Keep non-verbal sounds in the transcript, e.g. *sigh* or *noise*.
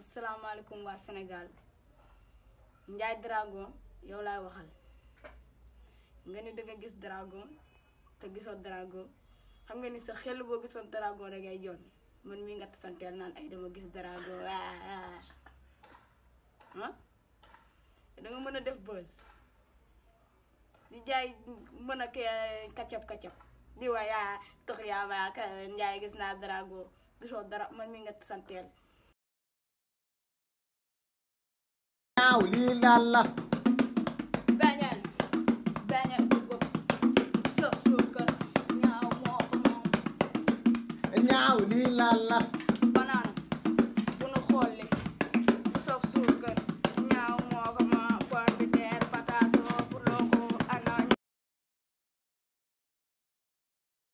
asalaamaaleykum waa Sénégal Ndiaye Dragon yow laay waxal nga ni danga gis Dragon te gisoo Dragon xam nga ni sax xel boo gisoon Dragon dangay jonni man mii nga tasanteel naan ay dama gis Dragon *laughs* ah danga mën a def buzz di jaay mën a kacab kacab di waa ah, yaa tux yaa ma Ndiaye gis naa Dragon gisoo dara man mii nga tasanteel ginnaaw lii laal la ñaaw lii